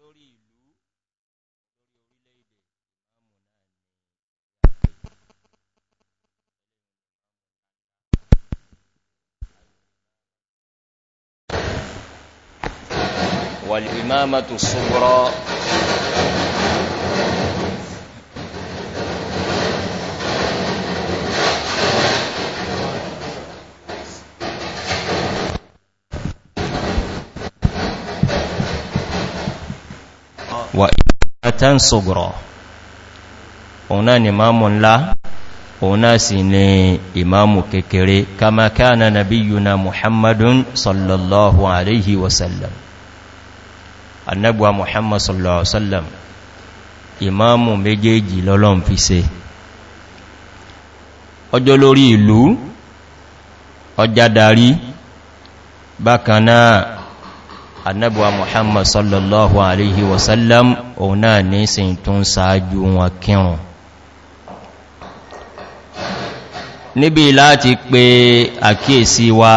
lórí ìlú. والإمامة الصغرى wa'imatan sugro òun náà ni máàmù ńlá òun náà sì ni ìmáàmù kékeré kama káà na nàbí yuna muhammadun sallallahu alaihi wasallam annabuwa muhammad sallallahu alaihi wasallam imamu méjèèjì lọ́lọ́n fi se ọjọ́ lórí ìlú ọjá darí bákanáà annabuwa muhammad sallallahu alaihi wasallam òun náà ní sin tún sáájú wọn kírùn níbi láti pé àkíyèsí wa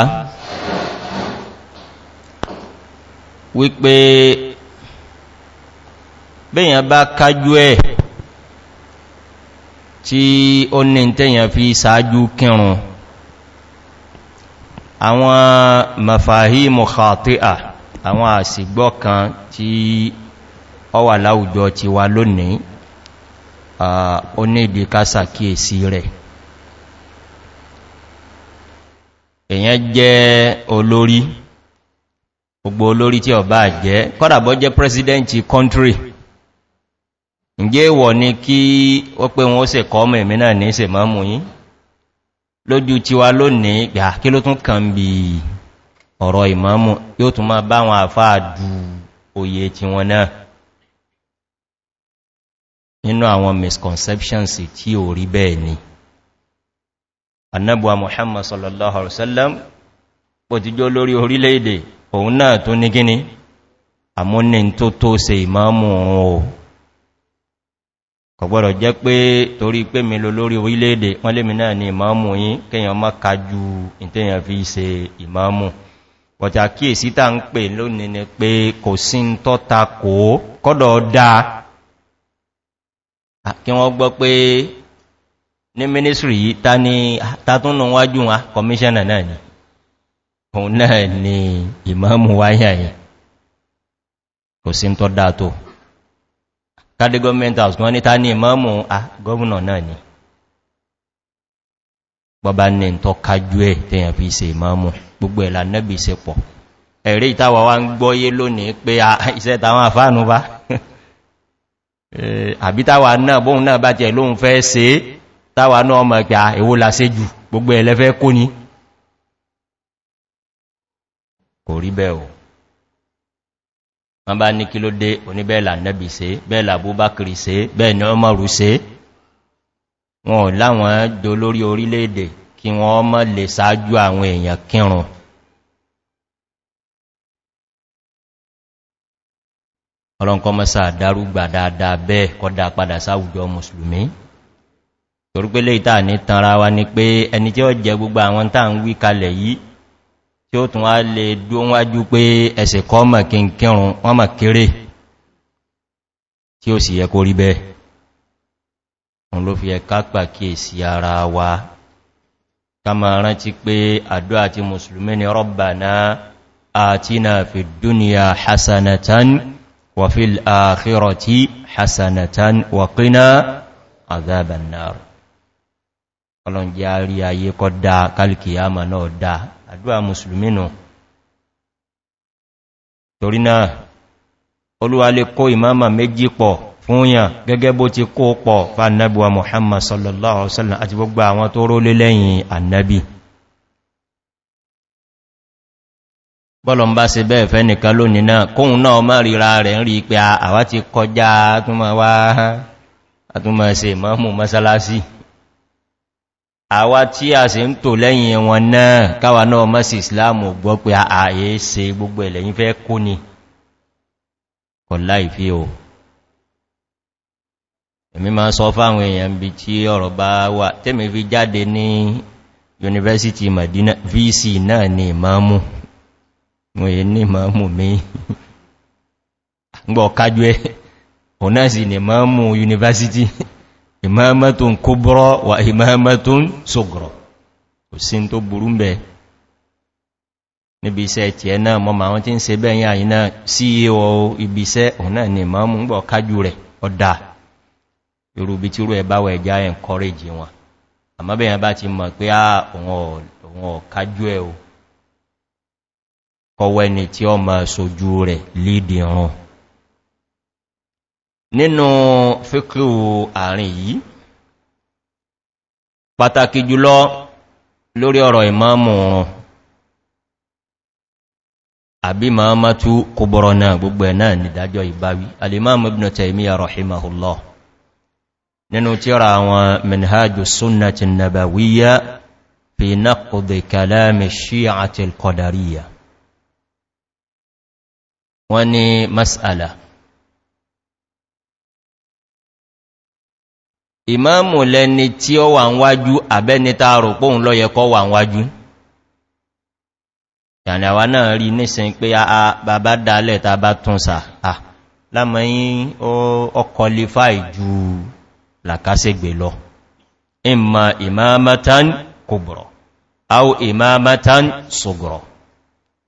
wípé bẹ́yàn bá kájú ẹ̀ tí ó ní tẹ́yàn fi sáájú kírùn àwọn mafahimu khati'a àwọn àsìgbọ́ kan tí ọ wà láwùjọ ti wà lónìí ó ní ìdíkásà kíèsí rẹ̀ èyàn jẹ́ olórí gbogbo olórí tí ọba jẹ́ kọ́dàbọ́ jẹ́ president country ǹjẹ́ ìwọ̀ ni kí ó pé wọn ó sì kọ́ ọmọ ìmì náà ní ìsẹ̀ máa mú yí lójú tí wá lónìí gbà kí ló tún kàn bí ọ̀rọ̀ ìmọ̀mù yóò tún máa bá wọn àfáà dù òye tí wọn náà nínú àwọn misconceptions tí ò rí bẹ́ẹ̀ ni annabuwa muhammad sallallahu alaihi wasallam bó ti jó lórí orílẹ̀-èdè òun náà tó ní gíní àmúnin tó tó se ìmọ̀mù òun ọ̀gbọ́dọ̀ jẹ́ pé torí pé mi lo lórí orílẹ̀-èdè wọ́n lè mi náà ni ìmáàmù yìí kíyàn má ka ju ìtẹ́yàn fi ṣe ìmáàmù pọ̀tí àkíyèsí tà ń pè lónìí ni pé kò sí ń tọ́ta kò kọ́dọ̀ dáa kí wọ́n gbọ́ pé ní mínísírì yìí ta ni tatúnnù wájú wa kọmíṣẹ́nà náà ni òun náà ni ìmáàmù wáyà yìí kò sí ń tọ́ dáa tó tàdé government house kan ní ta ní ìmọ́mù à gọ́ọ̀nà náà ni bọ́bá ní tọ́ kájú ẹ̀ tẹ́yàn fi se ìmọ́mù gbogbo ẹ̀lá nẹ́bì se pọ̀ ẹ̀rí ìtawà wá ń gbọ́yé lónìí pé ah, iṣẹ́ tàwọn àfáànú bá àbítàwà náà bóhun náà bá ti ẹ̀ lóhun fẹ́ se táwà náà ọmọ ìpà ah, èwo la sé jù gbogbo ẹ̀lẹ́fẹ́ kó ní kò rí bẹ́ẹ̀ o wọ́n bá ní kí ló dé oníbẹ̀ẹ̀là nẹ́bì se bẹ́ẹ̀là búbákiri se bẹ́ẹ̀ ni ọmọ rú se wọn ò láwọn jò lórí orílẹ̀-èdè kí wọ́n mọ́ lè sáájú àwọn èèyàn kírùn ọlọ́nkọ́ mọ́sá dárúgbà dáadáa bẹ́ẹ̀ kọ́dá padà sáwùjọ mùsùlùmí torípélé ìta ní tanra wa ni pé ẹni tí ó tún wá lè dó wájú pé ẹsẹ̀ kọ́ mọ̀ kí n kírùn wọ́n mọ̀ kéré tí ó sì yẹ kó rí bẹ́ẹ̀ òun ló fi ẹ̀ká pàkíyèsí ara wa kama rántí pé àdó àti musulmi ni rọ́bà náà àti na fi dúnìyà hasanatan wà fi al'akhirati hasanatan wà kí na ọlọ́njẹ́ àrí ayé kọ́ dá kálìkì àmà náà dá àdúwà musulmi nù torí náà olúwa lè kó ìmáàmà méjì pọ̀ fúnyàn gẹ́gẹ́ bó ti kó pọ̀ fa annabuwa muhammad sallallahu alaihi wasallam àti gbogbo àwọn tó rólé lẹ́yìn annabi bọ́lọ̀ ń bá se bẹ́ẹ̀ fẹ́ nìkan lónìí náà kóhun náà má ríra rẹ̀ ń rí pé àwá ti kọjá àtúnmọ̀ wá àtúnmọ̀ sí ìmọ̀mù masalasi àwa tí a sì ń tò lẹ́yìn wọn náà káwà náà mọ́ sí islamu gbọ́ pé ààyè se gbogbo ẹ̀lẹ́yìn fẹ́ kó ní kọ̀lá ìfí o èmi máa sọ fáwọn èèyàn bí tí ọ̀rọ̀ bá wà tẹ́mi fi jáde ní university madina vc náà ni ìmáàmù mo yẹ ní ìmáàmù mi gbọ́ kájú ẹ̀ òun náà sì ni ìmáàmù university imamatun kubra wa imamatun sugra kò sí tó burú ń bẹ níbi iṣẹ́ tí ẹ náà mọ́ ma wọ́n tí ń se bẹ́yìn àyíná sí ìwọ̀ e ibi iṣẹ́ òun náà ni ma mú ń gbọ́ kájú rẹ̀ ọ̀dá irúbi tí rú ẹbáwọ̀ ẹja encourage wọn àmọ́ bẹ́yìn bá ti mọ̀ pé àwọn ọ̀kájú ẹ̀ kọwẹ́ni tí ọ sojú rẹ̀ lídìí rán nínú fíkú àárín yìí pàtàkì jùlọ lórí ọ̀rọ̀ ìmáàmù ọ̀rùn àbí máa tú kò bọ̀rọ̀ náà gbogbo ẹ̀ náà nìdájọ́ ìbáwí alimáàmù ibn taimiyya rahimahullo nínú tíra àwọn minhajjú sunnatin nabawiyya fi nákùdì kalami shi'atil kọdariya wọ́n mas'ala ìmáàmù lẹni tí ó wà ń wájú àbẹ́nita rọ̀póhun lọ́yẹ̀kọ́ wà ń wájú yàní àwà náà rí nísìn pé ah, ah, a bàbá dálẹ̀ ta bá tún sà à ah, lámọ́yìn ọkọlifáì ju làkásẹ̀gbè lọ ìmà ìmáàmátán kòbùrọ̀ au ìmáàmátán sògùrọ̀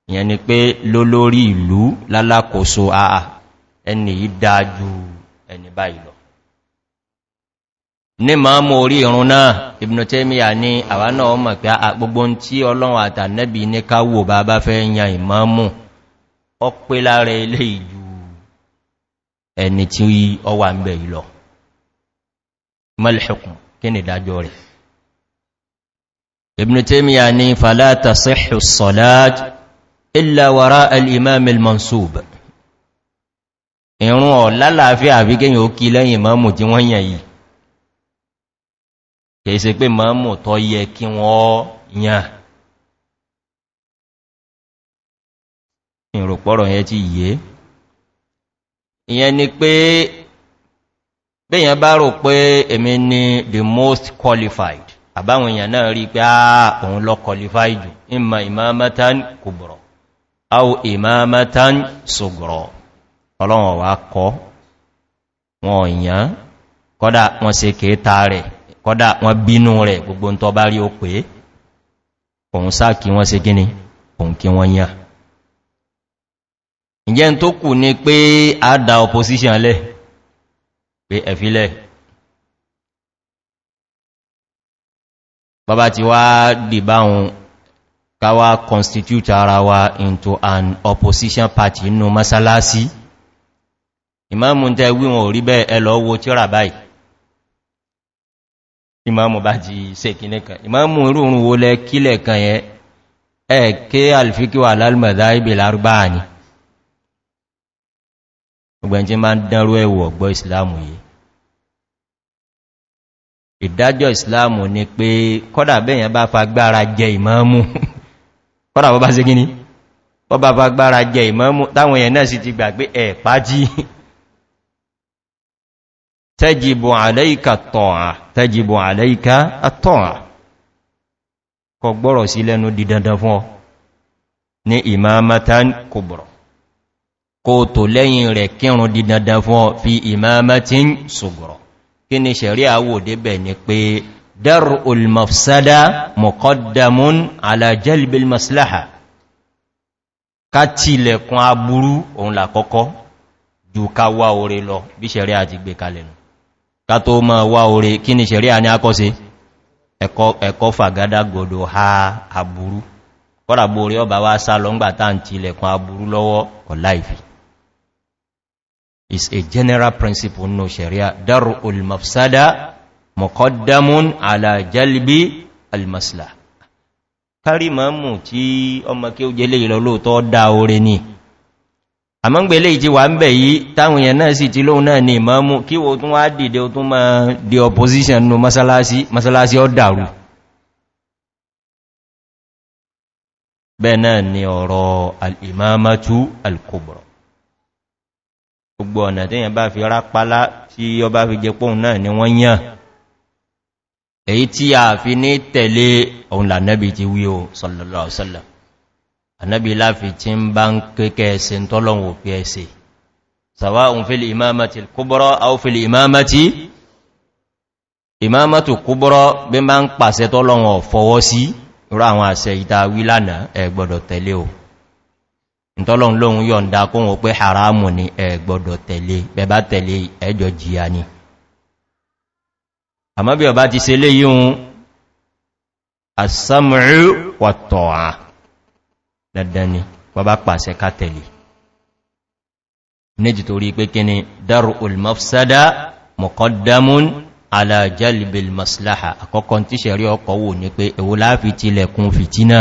ìyẹn ni pé lólórí ìlú lálákòóso àà ẹni ìdájú ẹni báyìí lọ ní máa mú orí ìrún náà ibn taymiya ní àwá náà ọmọ pé a gbogbo tí ọlọ́run àtànẹ́bì ní káwò bá bá fẹ́ yan ìmọ́mù ọ pé lára ilé ìjú ẹni tí ọ wà ń bẹ̀ ìlọ mọ́lẹ̀ṣẹ̀kùn kí ni dájọ́ rẹ̀ ibn taymiya ní kìí se pé máa mọ̀ tọ́ yẹ kí wọ́n yàn ìrùpọ̀rọ̀ yẹ ti yé ìyẹn ni pé bẹ́yàn bá rò pé èmi ni the most qualified àbáwọn èèyàn náà rí pé àà òun lọ qualified jù ìmọ̀ ìmọ̀mátán kò bọ̀rọ̀ au ìmọ̀mátán sọ̀gọ̀rọ̀ ọlọ́wọ̀n wá kọ́ wọn ìyàn kọ́dá wọn se kèé ta rẹ̀ kọ́dá wọn bínú rẹ̀ gbogbo ń tọba rí ó pé òun sáà kí wọ́n se gíní òun kí wọ́n yá ìjẹ́ tó kù ní pé a dá opposition lẹ́ pé ẹ̀fílẹ̀ bàbá ti wá dìbáhun káwà constitute ara wa into an opposition party inú masalasi ìmáàmù tẹ́ wíwọn ò rí bẹ́ ẹlọ́wọ́ tí báyìí ìmáàmù bá jí ṣe kìnnì kan ìmáàmù irúurun wo lẹ kílẹ̀ kan yẹ ẹ̀kẹ́ alfikiwa alálùmọ̀dá ibi lárúbáà ni ọgbẹ̀njí máa ń dánrú ẹ̀wù ọ̀gbọ́ ìsìláàmù yìí ìdájọ́ ìsìláàmù ni pé kọ́dà bẹ́yàn bá fagbára jẹ ìmáàmù kọ́dà bọ́ bá ṣe gíní bọ́ bá fagbára jẹ ìmáàmù táwọn èèyàn náà sì ti gbà ẹ̀ pàájí tẹ́jìbò àlẹ́ìkà tọ́à tẹ́jìbò àlẹ́ìkà àtọ́à kọ gbọ́rọ̀ sí lẹ́nu di dandan fún ọ ní imamatan kòbọ̀rọ̀ kò tó lẹ́yìn rẹ̀ kírùn di dandan fún ọ fi imamatin sògbọ̀rọ̀ kí ni ṣẹ̀rí àwòdé bẹ̀ ni pé dar jù ká wá orí lọ bí ṣẹ̀rí àti gbé kalẹ̀ ká tó ma wá orí kí ni ṣẹ̀rí à ní akọ́sí ẹ̀kọ́ fàgádá gọ̀dọ̀ ha àbúrú kọ́ràbò orí ọba wá sá lọ́ngbà táàntí ilẹ̀kùn àbúrú lọ́wọ́ kọ̀ is a general principle no sharia daru al-mafsada muqaddamun ala jalbi al-maslah kari mamu ti ọmọ kí ó jẹ́ lè lọ lóòtọ́ dá orí ni àmọ́gbèlé ìtí wà ń bẹ̀ yìí táwọn èèyàn náà sì ti lóhun náà ní ìmọ́mú kí wo tún wá dìde o tún máa di opposition nù masalasi ọ dàrú bẹ́ẹ̀ náà ni ọ̀rọ̀ al'imamatu al-kubra gbogbo ọ̀nà tí yẹn bá fi rápálá tí ọ bá fi jẹpọ̀ náà ni wọ́n yàn èyí sallallahu alaihi anábi láfi tí ń bá ń kéèkẹ́ ẹsẹ̀ tọ́lọ̀wò pé ẹsẹ̀ sàwá òun fílì ìmáàmàtì kúbọ́rọ̀ àwọn fílì ìmáàmàtì ìmáàmàtì kúbọ́rọ̀ bí má ń pàṣẹ tọ́lọ̀wò fọwọ́ sí rọ àwọn àṣẹ ìta wílànà ẹgbọ́dọ̀ tẹ̀lé o ìtọ́lọ̀un lóhun yọ̀nda kó wọn dandan ni wọ́n bá pàṣẹ ká tẹ̀lé méjì torí pé kí ni daru ulmafsada mọ̀kọ́dámún alajalibel maslaha àkọ́kọ́ tí ṣẹ̀rí ọkọ̀ wò ní pé èwo láàfi tilẹ̀kùn fìtínà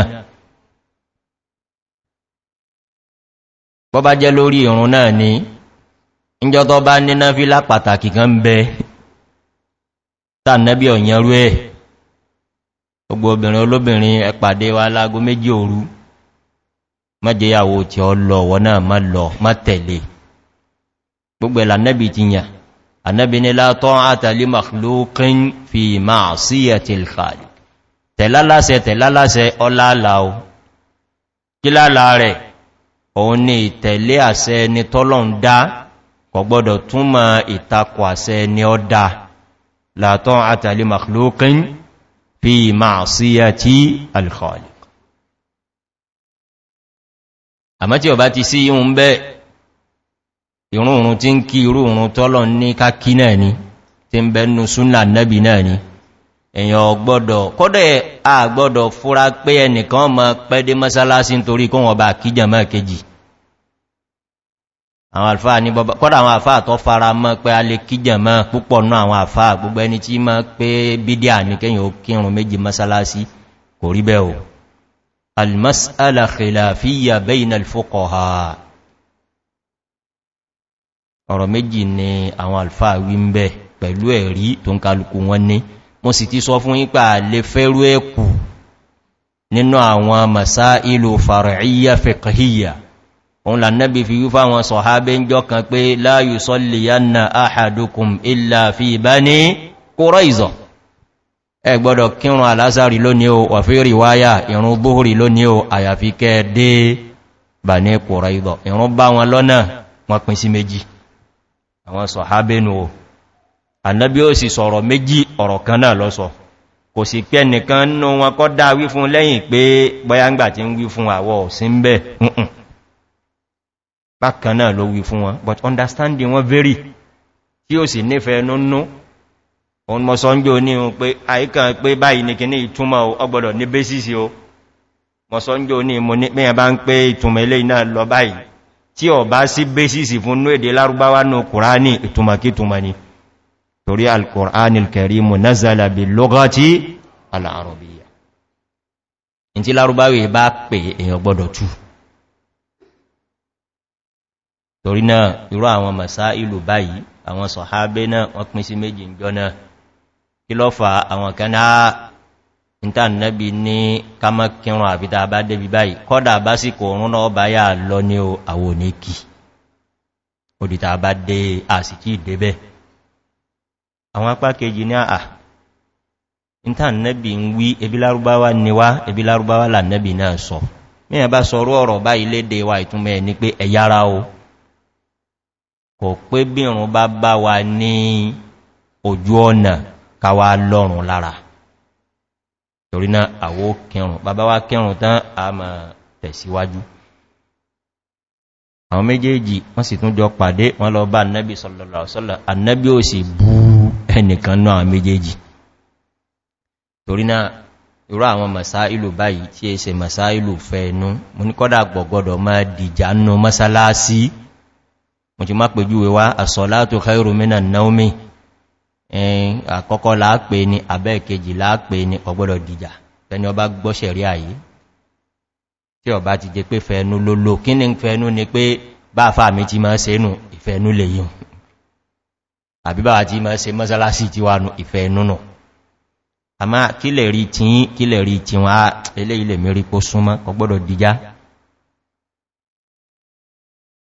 bọ́bá jẹ́ lórí ìrún náà ni ìjọ tó bá níná fílá pàtàkì kan bẹ tànàbí ọ̀yẹrú ẹ̀ gbogbo obìnrin olóbìnrin ẹ̀pàdé wa lágó méjì òru mọ́jẹyàwó tí ọ lọ wọ́n náà má lọ má tẹ̀lé gbogbo ẹ̀lá nẹ́bì ti yàn anẹ́bì ní látọ́ àtàlí makhlókín fi máa sí ẹ̀tìlfààlì tẹ̀lálásẹ tẹ̀lálásẹ ọláàláò kí lálá rẹ̀ òun ni ìtẹ̀lé àṣẹ ni tọ́lọ́n dá kọ̀ gbọ́dọ̀ túnmọ̀ ìtakọ̀ àṣẹ ni ọ fi máa sí ẹ̀tìlfààlì àmọ́ tí ọba ti sí ihun bẹ́ ìrúnrún tí ń kí ìrúnrún tọ́lọ ní kákí náà ni tí ń bẹnu súnà nẹ́bì náà ni èyàn gbọ́dọ̀ kọ́dẹ̀ a gbọ́dọ̀ fúra pé ẹnìkan mọ́ pẹ́dé mọ́sálásí nítorí kó wọn bá kíjà mọ́ kejì kọ́dà àwọn àfáà tó fara mọ́ pé a lè kíjà mọ́ púpọ̀ náà àwọn àfáà gbogbo ẹni tí mọ́ pé bídíà ní kẹ́yìn ó méjì mọ́sálásí kò rí bẹ́ẹ̀ o المسألة خلافية بين الفقهاء ọ̀rọ̀ méjì ni àwọn alfa wí ń bẹ̀ pẹ̀lú ẹ̀rí tó ń kálukú wọn ní mo sì ti sọ fún ipa lè fẹ́rú ẹ̀kù nínú àwọn masá ìlò fara'íyà fẹ̀kàhíyà òun lànàbí fi yú fáwọn sọ̀hábẹ́ ń jọ kan pé láàyù sọ́lìyàn na áhàdùkùn ìlà fi bá ní kóró ìzọ̀ ẹ gbọ́dọ̀ kírun alásàrí lónìí o wàfíìrì wáyà ìrún bóhùrì lónìí o àyàfi kẹ́ dé bà ní kòrò ìdọ̀ ìrún bá wọn lọ́nà wọn pín sí méjì àwọn sọ̀hábẹ́nu o annabi ó sì sọ̀rọ̀ méjì ọ̀rọ̀ kan náà lọ́sọ̀ kò sì pẹ́ nìkan nú wọn kọ́ dá wí fún lẹ́yìn pé bọ́yángbà ń but understanding wọn very tí ó sì nífẹ̀ẹ́ òun mọ́ sọ ń gbé oníhun pé àíkàn pé báyìí ní kì ní ìtumọ̀ ọgbọ̀dọ̀ ní bésìsì o mọ́ sọ ń gbé oní mo ní pẹ́yàn bá ń pé ìtumọ̀ ilé iná lọ báyìí tí ọ bá sí bésìsì fún ní èdè lárúbáwá ní kùránì ìtumọ̀kítuma ni torí àwọn masá ìlú báyìí àwọn sọ̀hábé náà wọ́n pín sí méjì ìjọ náà kí lọ fa àwọn kan náà níta nẹ́bi ní ah, kámọ́kírùn àbíta bá débi báyìí kọ́dà bá sì kò rún náà bá yà lọ ní àwọn oníkì òdìta bá dé àsìkí ìdébẹ̀ àwọn apá kejì ní àà ah, níta nẹ́bi ń wí ebi lárúbáwá niwá ebi lárúbáwá là nẹ́bi náà sọ mẹ́yàn bá sọ ọ̀rọ̀ bá ilé dé wa ìtúnmẹ́ ní pé ẹ̀yára o kò pé bírùn bá bá wa ní ojú ọ̀nà káwà lọ́rùn lára torí náà àwọ́ kẹrùn bàbá wá kẹrùn tán a ma tẹ̀síwájú àwọn méjèèjì wọ́n sì tún jọ pàdé wọ́n lọ bá annabi sọ̀lọ̀lọ̀ annabi ó sì bú ẹnìkan náà méjèèjì torí náà irú àwọn masáìlù báyìí tí è se masáìlù fẹ́ẹ̀nú mo ní kọ́dà gbọ̀gbọ́dọ̀ máa dìjà nù mọ́sálásí mo ti má pèjúwe wá àsọ̀látò kairu mínà naomi ẹ̀yìn àkọ́kọ́ láàpẹ ni àbẹ́ ìkejì láàpẹ ni ọgbọ́dọ̀ dìjà tẹni ọba gbọ́ṣẹ̀ rí àyí tí ọba ti jẹ pé fẹ́ẹ̀nú lólò kí ní fẹ́ẹ̀nú ni pé bá fà mí ti máa sẹ́nu ìfẹ́ẹ̀nú lè yìn àbí bá ti máa se mọ́sálásí ti wánu ìfẹ́ẹ̀nú nà àmá kílẹ̀ rí tí kílẹ̀ rí tí wọ́n á ilé ilẹ̀ mérí kó súnmọ́ ọgbọ́dọ̀ dìjá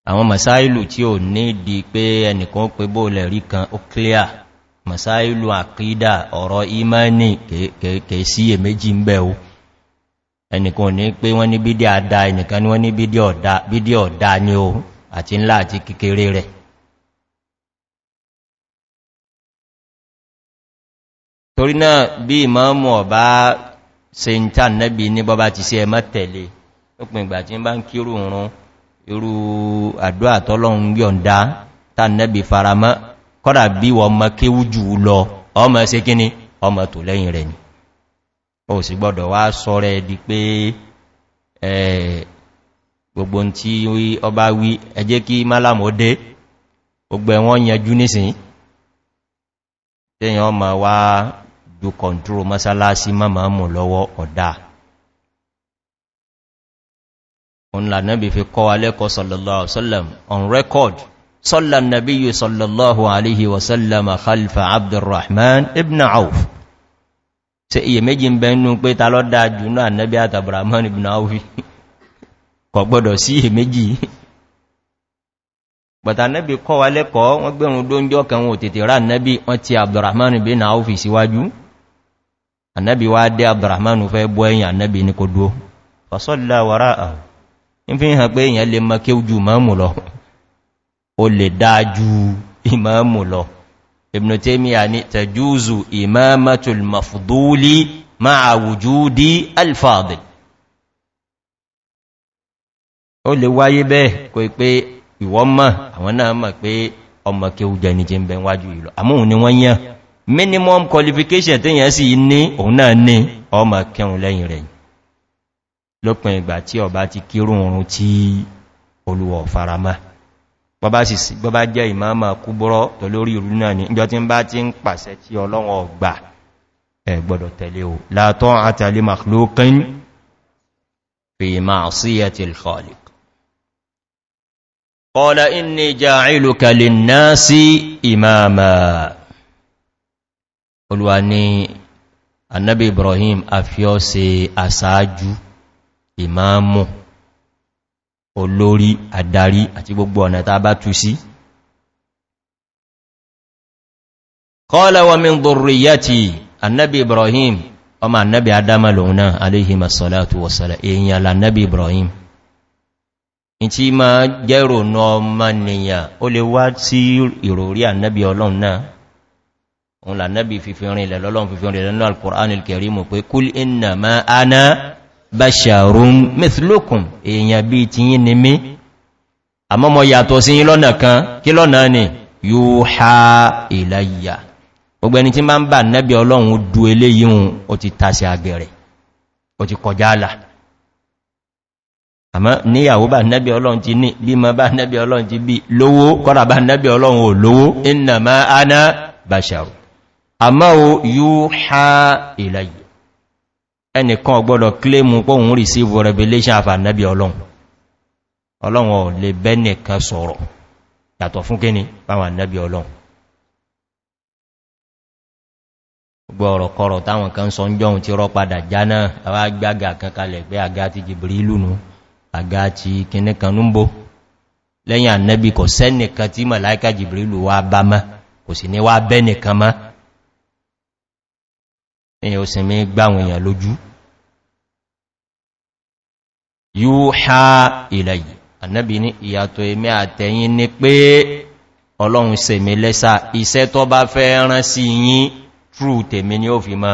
àwọn masáìlù tí ò ní di pé ẹnìkan pé bóòlẹ̀ rí kan ó clear masáìlú àkídà ọ̀rọ̀ imani kèé sí èméjì ń bẹ̀ o ẹnìkan ní pé wọ́n ní bídí àdá ẹnìkan ní wọ́n ní bídí ọ̀dá ní o àti ńlá àti kékeré rẹ̀ torí náà bí ìmọ́mù ọ̀bá se ń tàn nẹ́bí ní bọ́bá ti sí ẹmọ́ tẹ̀lé òpin ìgbà tí ń bá ń kírù rún irú àdúà tọ́lọ́run kọ́dà bí wọ́n mọ́ kéwú jù lọ ọmọ ṣe kíní ọmọ tó lẹ́yìn rẹ̀ ni o sì gbọ́dọ̀ wá sọ rẹ̀ di pé gbogbo tí ọba wí ẹjẹ́ kí málàmù ó dé gbogbo ẹ̀wọ́n yanjú nísìn tẹ́yàn ọmọ wá ju kọ̀ntúrò mọ́sálásí mọ́mọ́ mù lọ́wọ́ ọ̀dá on record صلى النبي صلى الله عليه وسلم خلف عبد الرحمن ابن عوف se iye meji n bẹnu pe ta lọ dáa jù náà nẹ́bí àtàbàràmán ibn awfi kọ̀ gbọ́dọ̀ sí iye méjì bàtà nẹ́bí kọ́ wa lẹ́kọ̀ọ́ wọ́n gbẹ̀rún dóúnjọ́ kan wọ́n tètè rá nẹ́bí wọ́n ti àbdùrahman ibn awfi síwájú anẹ́bí wá dé àbdùrahman fẹ́ bọ́ ẹ̀yìn anẹ́bí ní kò dúó fasọ́lá wàrá o lè dájú ìmáàmù lọ ibn taymiya ni tajuzu imamatul mafduli ma'a wujudi al-fadil ó lè wáyé bẹ́ẹ̀ kò pé ìwọ́n mọ̀ àwọn náà mọ̀ pé ọmọ kí ó jẹ ní jẹ ń bẹ wájú ìlọ àmóhun ni wọ́n yán minimum qualification tí yẹn sì ní òun náà ní ọmọ kẹun lẹ́yìn rẹ̀ lópin ìgbà tí ọba ti kírùn-ún tí olùwọ̀ faramá bọ́bá sì sí bọ́bá jẹ́ ìmáàmà kúbọ́rọ̀ tó lórí ìrú náà ní ìjọ tí ń bá tí ń pàṣẹ tí ọlọ́wọ́ ọgbà ẹ̀ gbọ́dọ̀ tẹ̀lé o látọ́ àtàlé makhlukin fi máa sí ẹ̀tì olórí àdarí àti gbogbo ọ̀nà tàà bá tú sí kọ́lá wa min dùrìyàtì annabi ibrahim ọmọ annabi adama lòun náà aléhìmá sọ́látù wọ̀sọ̀lá èyàn lànàbí ibrahim in ti ma jẹ́rò nọ́ọ̀mà nìyàn ó lè wá sí ìròrí annabi ọlọ́run náà òun lànàbí fífin rìn lẹ́lọ́lọ́run fífin rìn lẹ́nu alkùránil kẹrìmù pé kúl inna ma ana basharun mithlukum èèyàn bí ti yí ni mí àmọ́mọ̀ yàtọ̀ sí yí lọ́nà kan kí lọ́nà ni yóò ha ìlàyà gbogbo ẹni tí máa ń bà nẹ́bí ọlọ́run du eléyìn o ti tàṣì àgẹ̀rẹ̀ o ti kọjá àlà àmọ́ níyàwó bà nẹ́bí ọlọ́run ti ní bí ma bà nẹ́bí ọlọ́run ti bí lówó kọ́rà bà nẹ́bí ọlọ́run ò lówó iná ma á bàṣàrù àmọ́ o yóò ha ìlàyà ẹnìkan ọgbọ́dọ̀ kílèmù pọ̀hún receive revelation of annabi ọlọ́run ọlọ́run ò lè bẹ́nìkan sọ̀rọ̀ yàtọ̀ fún kíni báwọn annabi ọlọ́run gbọ́ọ̀rọ̀ kọrọ̀ táwọn kan sọ ń jọun ti rọ́padà jánà àwọn agbága kan kalẹ̀ pé àga ti jìbìrì ìlú nù àga ti kíní kan lẹ́yìn annabi kò sẹ́nìkan tí màláíkà jìbìrì wa bá mọ́ kò sì ní wá bẹ́nìkan mọ́ èyàn ò sì mí gbáwọn èèyàn lójú yúhá ilẹ̀ annabi ní ìyàtọ̀ èmẹ́ àtẹ̀yìn ní pé ọlọ́run se mi lẹ́sà iṣẹ́ tó bá fẹ́ rán sí yín trú tèmi ni ó fi ma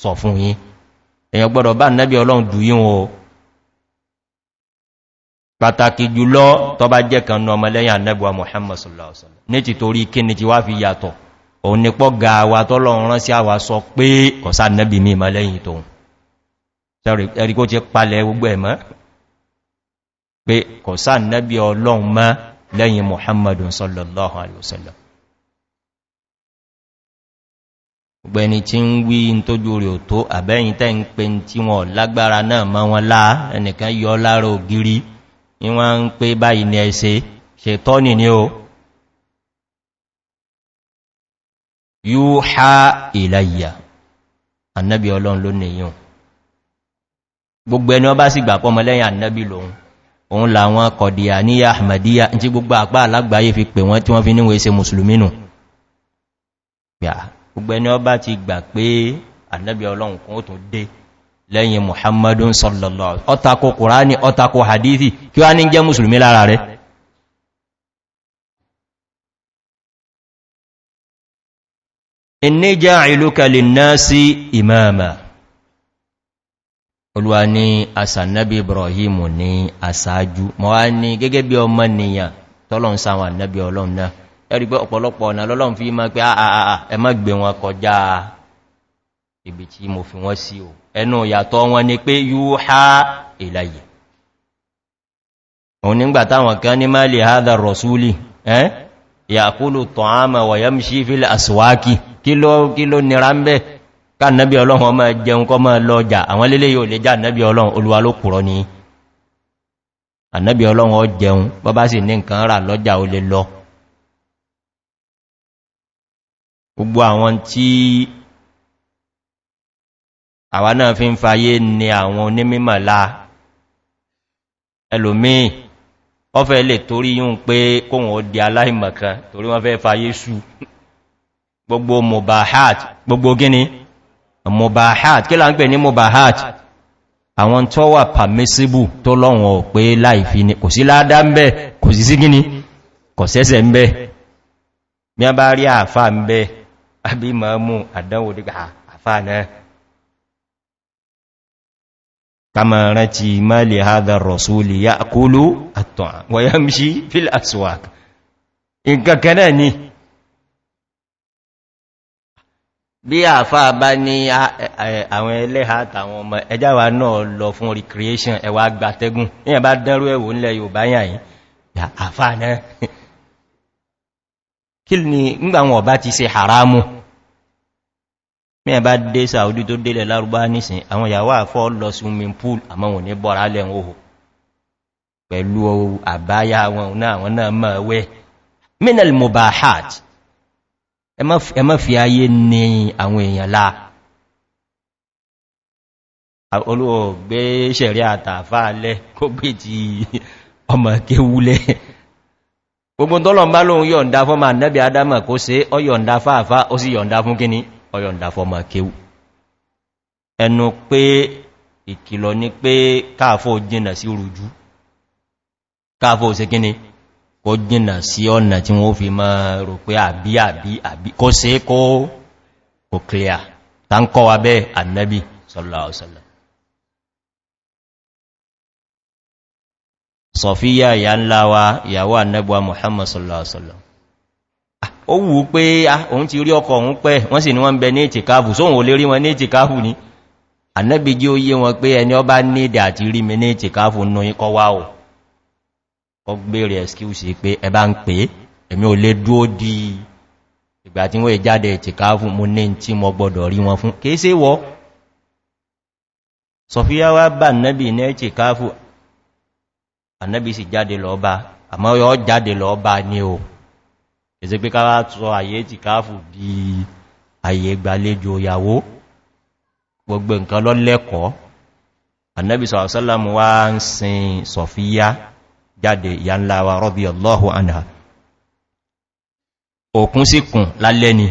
sọ fún yín èyàn gbọ́dọ̀ bá annabi ọlọ́run dù yí wọn pàtàkì jùlọ tó bá jẹ́ kan nọ annabi wa muhammad sallallahu alaihi wasallam ní ti torí wa tọ́lọ́run rán sí àwà sọ pé ọ̀sá annabi mi mọ́lẹ́yìn tóun ẹ̀rí kó ti pé kò sáà nẹ́bí ọlọ́run mọ́ lẹ́yìn muhammadun sallallahu alaihi wasallam gbẹni tí ń wí ń tójú rẹ̀ tó àbẹ́yìn tẹ́ ń pe tí wọn lágbára náà mọ́ wọn láà ẹnìkan yọ lára ògiri ní ń pé báyìí ní ẹsẹ ṣètọ́nì ní o yóò há ìlàyà annabi ọlọ́run ló nìyàn gbogbo ẹni ọ bá sì gbà pọ́mọ lẹ́yìn annabi lòun òun làwọn kọ̀dìyà ní ahmadiyya tí gbogbo àpá alágbàáyé fi pè wọ́n tí wọ́n fi níwẹ̀ ṣe musulmi nù gbogbo ẹni ọba ti gbà pé annabi ọlọ́run kún ó tún dé lẹ́yìn muhammadun sallallahu ọ́tako kùránì ọ́tako hadithi kí olúwa ní asànẹ́bí ibrahim ní asáájú mọ́ wá ní gẹ́gẹ́ bí ọmọ nìyàn tọ́lọ̀n sáwọn ànẹ́bí ọlọ́run náà ẹ̀rí pé ọ̀pọ̀lọpọ̀ ọ̀nà lọ́lọ́run fi máa pé àà ẹmọ́ gbé wọn kọjá ibi tí mo fi wọ́n sí o ẹnu yàtọ̀ wọn ni pé yúhá ìlàyè òun nígbà táwọn ká nẹ́bí ọlọ́run ọmọ jẹun kọ́ mọ́ lọ́jà àwọn lélé yóò lè já nẹ́bí ọlọ́run olúwa ló kùrọ ní ànẹ́bí ọlọ́run ọ jẹun bọ́bá sì ní nǹkan rà lọ́jà ó lọ gbogbo àwọn tí àwa náà fi ń fayé ni àwọn onímìmọ̀lá ẹlòmíì wọ́n fẹ́ lè torí yún pé kóhùn ó di aláìmọ̀kan torí wọ́n fẹ́ fayé sú gbogbo mobahat gbogbo gíní mobahat kí là ń pè ní mobahat àwọn tó wà permissible tó lọ́wọ́n ò pé láìfi ní kò sí ládá ń bẹ́ kò sí sí gíní kò sẹ́sẹ̀ ń bẹ́ bí a bá rí àfà ń bẹ́ àbí mọ́mú àdánwò dígbà àfà náà ya kúlú àtọ̀ wọ́yá mṣí fil aswak nǹkan ni bí àfáà bá ní àwọn ẹlẹ́ha àtàwọn ọmọ ẹjáwà náà lọ fún recreation ẹwà gbàtẹ́gùn ní ẹ̀bá dánrú ẹ̀wò ńlẹ̀ yóòbá yàyìn àfáà náà kí ni ngbà wọn ọba ti se haramu ní ẹ̀bá dé saudi tó délẹ̀ lárúbá nìsìn àwọn ìyàwó àfọ́ lọ swimming pool àmọ́ wọn ní bọ́ra lẹ́ pẹ̀lú àbáyá wọn náà wọn náà mọ̀ wẹ́ minal mubahat ẹmọ́ fi ayé ní àwọn èèyàn láà olúwọ̀ gbé ṣẹ̀rí àtàfà alẹ́ kó gbé ti ọmọ kéwúlẹ̀ gbogbo tọ́lọ̀ bá lóun yọ̀nda fọ́mà nẹ́bí adama kó se ọyọ̀nda fàáfá ó sì yọ̀nda fún kíní ọyọ̀nda fọ́mà kéwú ẹnu pé ìkìlọ̀ ni pé káàfó jìnà sí rújú káàfó se kíní kó jìnà sí ọ̀nà tí wọ́n fi máa rò pé àbí àbí àbí kó se kó kò ta ń kọ́ wa bẹ́ annabi sọ́lọ́sọ́lọ́ sọ̀fíyà ìyà ńlá wa ìyàwó annabuwa muhammad sọ́lọ́sọ́lọ́ ó wù pé ah, òun ti rí ọkọ̀ òun pẹ́ wọ́n sì ni wọ́n bẹ ní ìtìkáàbù sóhun ò lè rí wọn ní ìtìkáàbù ní annabi jí ó yé wọn pé ẹni ọba ní ìdà àti rí mi ní ìtìkáàbù nù ikọ́ wáwọ̀ ọgbèrè ẹ̀skíwùsì pé ẹbá ń pè èmi ò lè dúó di ìgbà tí wọ́n ìjáde ìtìká fún mo ní tí mo gbọdọ̀ rí wọn fún kìí sí wọ́ sọfíà wá bá nẹ́bì ní ìtìká fún ànẹ́bì sì jáde lọ bá àmọ́ yọ jáde lọ bá ní o èsì pé káwà sọ di àyè ìgbàlejò ìyàwó gbogbo nǹkan lọ́lẹ́kọ̀ọ́ ànẹ́bì sọ̀rọ̀ sọ́lọ́mù wá ń jáde ìyà ńlá wa rọ́bí allahu anha òkun sí kùn lálẹ́ ni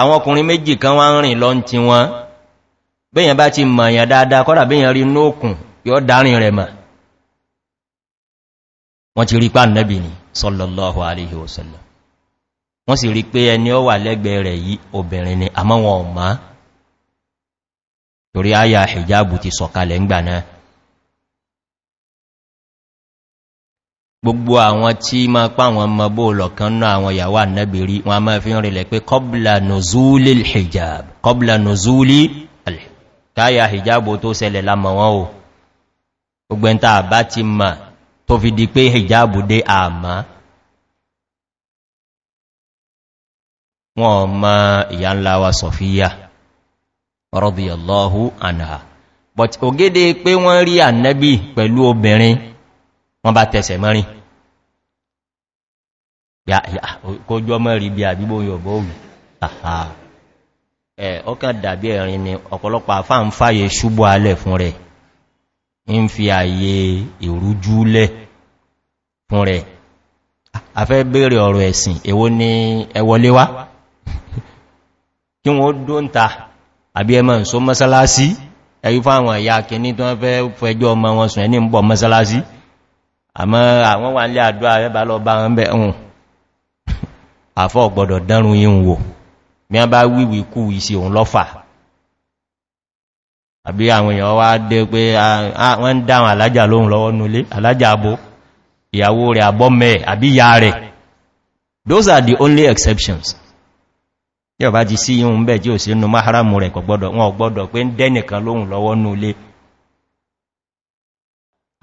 àwọn ọkùnrin méjì kan wá ń rìn lọ ti wọn bẹ́yàn bá ti mọ̀ èyàn dáadáa kọ́dà bẹ́yàn rí nóòkùn yóò dárin rẹ̀ mọ̀ wọ́n ti rí pàà nẹ́bì ni sọ́lọ́lọ́hu aléhì òsànlọ́ wọ́n sì rí pé ẹni ọ wà lẹ́gbẹ̀ẹ́ rẹ̀ yí obìnrin ni àmọ́ wọn ò máa torí àyà hijabu ti sọ̀kalẹ̀ ń gbà náà gbogbo àwọn tí ma pa àwọn ọmọ bóòlọ̀ kan náà àwọn ìyàwó ànẹ́bìrí wọn a máa fi ń rìnlẹ̀ pé kọbla nozuli hijab kọbla nozuli káyà hijab tó sẹlẹ̀ lámọ̀ wọn o gbogbo ẹ̀ntà bá ti ma tó fi di pé hijab dé àmá wọn ma ìyà ńlá wa sọfíyà rọ́bìyànlọ́hu àná but ògédé pé wọ́n rí ànẹ́bì pẹ̀lú obìnrin wọ́n bá tẹ̀sẹ̀ mọ́rin kójọ́ mọ́rin bí àdúgbò yọ̀bọ̀ òwì ọkà dàbí ẹ̀rin ni ọ̀pọ̀lọpọ̀ àfá ń fàyè ṣubú alẹ̀ fún rẹ̀ ń fi àyè ìrújúlẹ̀ fún rẹ̀ afẹ́ bèèrè ọ̀rọ̀ ẹ̀sìn èwo ni ẹwọlé wá kí wọ́n dó ń ta àbí ẹmọ̀ ìṣó mọ́sálásí ẹ̀yí fáwọn ẹ̀yà kìíní tó ń fẹ́ fẹjọ́ ọmọ wọn sùn ẹni ń bọ̀ mọ́sálásí àmọ́ àwọn wà nílé àdúrà rẹ́bà lọ bá ń bẹ̀ ọ̀hún àfọ́ ọ̀gbọ̀dọ̀ dánrun yíò wò bí wọ́n bá wíwí kú ìsì òun lọ́fà àbí àwọn èèyàn wá dé pé wọ́n ń dáwọn alájà lóhun lọ́wọ́ nulé alájà abo ìyàwó rẹ̀ àbọ́mẹ́ àbí ìyá rẹ̀ those are the only exceptions yọ̀bá ti sí ihun bẹ̀ tí ò sí inú máhàrámù rẹ̀ kọ̀gbọ́dọ̀ wọn ọ̀gbọ́dọ̀ pé ń dẹ́nìkan lóhun lọ́wọ́ nulé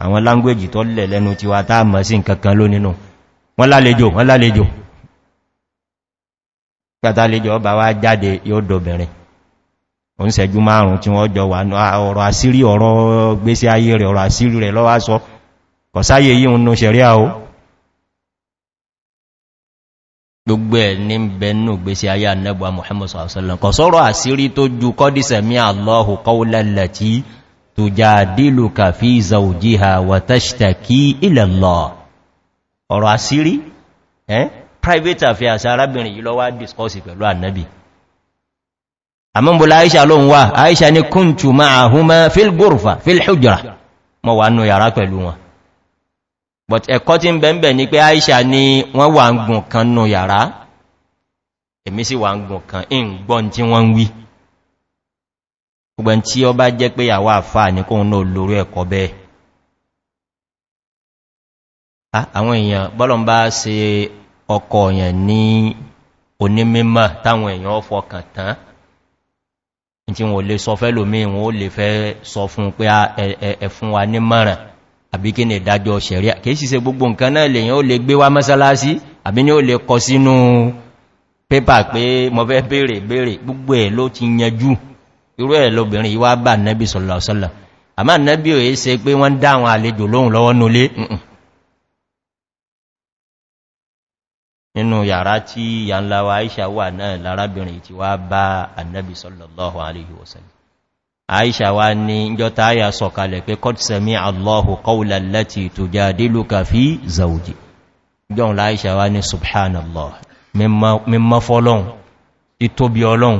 àwọn lángwéjì tó lẹ̀ lẹ́nu ti wà táà mọ̀ sí nkankan ló nínú wọ́n lálejò wọ́n lálejò pẹ́tàlejò ọba wá jáde yóò dòbìnrin o ń sẹ̀jú márùn tí wọ́n jọ wà ọ̀rọ̀ àsírí ọ̀rọ̀ gbésí ayé rẹ̀ ọ̀rọ̀ àsírí rẹ̀ lọ́wọ́ sọ kọ̀sáyé yí ń nú sẹ̀ríà o gbogbo ẹ̀ ní bẹnú gbésí ayé anẹ́bùwa muhammadu sallallahu alaihi wasallam kọ̀sọ́rọ̀ àsírí tó ju kọ́dísẹ̀mí àlọ́hù kọ́wọ́lẹ̀lẹ̀ tí tùjàdílùkà fi zàújíhà wàtàṣtàkí ilẹ̀lọ́ ọ̀rọ̀ àsírí eh private affairs arábìnrin yìí lọ́wọ́ discourse pẹ̀lú annabi àmọ́bùlá aisha ló ń wà aisha ní kúntù máa húnmọ́ filgurfa filhujra mọ́ wà nù yàrá pẹ̀lú wọn but ẹ̀kọ́ tí ń bẹ̀m̀bẹ̀ ní pé aisha ní wọ́n wà ń gùn kan nù yàrá èmi sì wà ń gùn kan in gbọ́n tí wọ́n ń wí gbogbo tí ọ bá jẹ́ pé àwọ́ àfà ní kóhun náà lórí ẹ̀kọ́ bẹ́ẹ̀ àwọn èèyàn bọ́lọ̀ bá se ọkọ̀ èèyàn ní onímímọ̀ táwọn èèyàn ọfọ kàn tán tí wọ́n lè sọ fẹ́ lómi wọ́n ó lè fẹ́ sọ fún pé ẹ̀fún wa ní mọ́ràn àbí kí ní ìdájọ́ ṣẹ̀rí kìí se gbogbo nǹkan náà lèyàn ó lè gbé wá mọ́sálásí àbí ní ó lè kọ sínú pépà pé mọ́fẹ́ bèèrè bèèrè gbogbo ẹ̀ ló ti yanjú irú ẹ̀ lóbìnrin yíwá bá nẹ́bí sọ̀lọ̀sọ̀lọ̀ àmá nẹ́bí ò yí se pé wọ́n dá àwọn àlejò lóhun lọ́wọ́ nulé nínú yàrá tí ya ń láwa aisha wà náà lárábìnrin tí wá bá annabi sallallahu alaihi wasallam aisha wá ní jọta ya sọ̀kalẹ̀ pé kọ́tsẹ̀mí allahu kọ́wùlà láti tujadiluka fi zauji jọun la aisha wá ní mímọ́ fọ́lọ́un títóbi ọlọ́un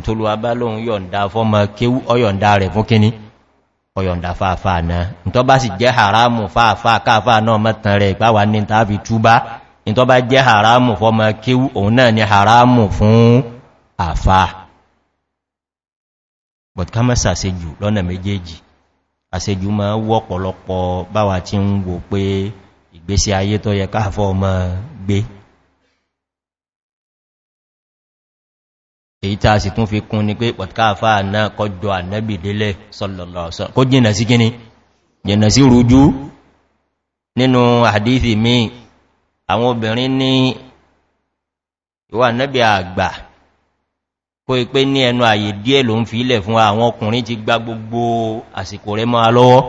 ntolúwa bá lóhun yọ̀nda fọ́mọ kéwú ọyọ̀nda rẹ̀ fún kíní ọyọ̀nda fàáfà náà ntọ́ bá sì jẹ́ haramu fàáfà káàfà náà mẹ́tàn rẹ̀ ìpáwà ní tàbí túbá ntọ́ bá jẹ́ haramu fọ́mọ kéwú òun náà ni haramu fún àfà but kámẹ́sà àṣejù lọ́nà méjèèjì àṣejù ma wọ́ pọ̀lọpọ̀ báwa ti ń wo pé ìgbésí ayé tó yẹ káàfọ́ ọmọ gbé èyí tàà sì tún fi kún ní pé pọ̀tkáfà náà kọjọ ànẹ́bì délẹ̀ sọ́lọ̀lọ́sọ́ kó jìnà sí gíní jìnà sí rújú nínú àdífì mi àwọn obìnrin ní ìwà ànẹ́bì àgbà kó ipé ní ẹnu àyè díẹ̀ ló ń fi ilẹ̀ fún àwọn ọkùnrin ti gbá gbogbo àsìkò rẹ mọ́ alọ́wọ́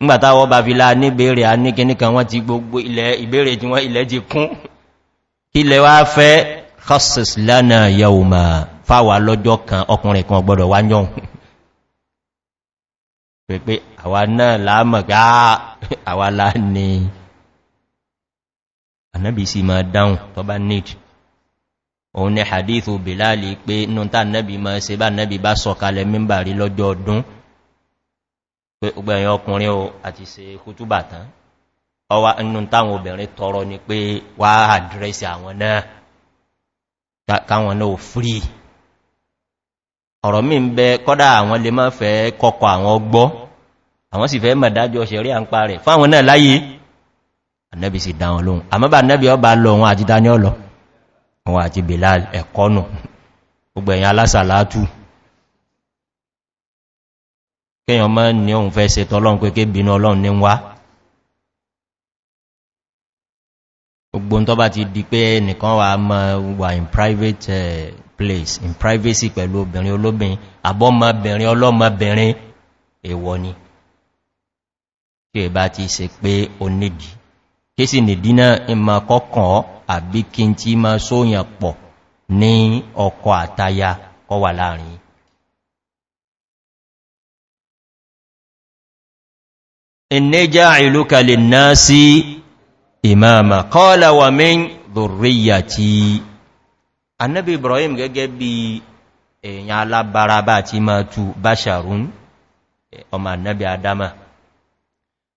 nígbàtàwọ́ bá fi láà níbèèrè a ní kíníkan wọ́n ti gbogbo ilẹ̀ ìbèèrè tí wọ́n ilẹ̀ ti kún ilẹ̀ wá fẹ́ khasis lana yawma àfáwà lọ́jọ́ kan ọkùnrin kan gbọdọ̀ wá yọ́n pẹ̀pẹ́ àwa náà láàmọ̀ gá àwa láà ní ànábì sí ma dáhùn tó bá nídì òun ni hadithu bilali pé inú tá nẹ́bí ma ṣe bá nẹ́bí bá sọ̀kalẹ̀ mímbàrí lọ́jọ́ ọdún pé ọgbẹ̀yìn ọkùnrin o àti se kútúbàtán ọwá inú táwọn obìnrin tọrọ ni pé wá àdírẹ́sì àwọn náà káwọn náà fríì ọ̀rọ̀ mí ń bẹ kọ́dá àwọn lè máa fẹ́ kọkọ̀ àwọn ọgbọ́ àwọn sì fẹ́ mẹ̀dájọ́ ṣẹ̀rí à ń pa rẹ̀ fáwọn náà láyé annabi sì dáwọn lóhun àmọ́bà annabi ọba lọ wọn àti dání ọlọ wọn àti belal ẹ̀kọ́nù gbogbo ẹ̀yìn alásàlátù bá ti di pé nìkan wà mọ́ wà in private eh, place in privacy pẹ̀lú obìnrin olóbin àbọ́mọbìnrin ọlọ́mọbìnrin èwọ ni kí è bá ti se pé o nìdí kí sì nìdí náà ìmọ̀ kọkàn àbí kí n tí máa sóyàn pọ̀ ní ọkọ̀ àtaya kọ wà láàrin ìnẹ́já ìlú náà sí ìmáàmà kọ́ọ̀lá wà mí dhurriyati annabi ibrahim gẹ́gẹ́ bí èèyàn alábára bá ti ma tu basharun ọmọ annabi adama